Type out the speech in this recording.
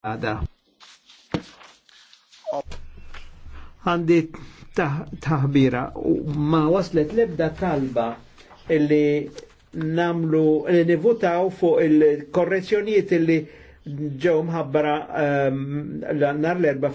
għada. Għandi taħbira u ma waslet lebda talba illi namlu li nivutaw fuq il-korrezzjonijiet illi ġew mħabbara ehm, l-nar l-erba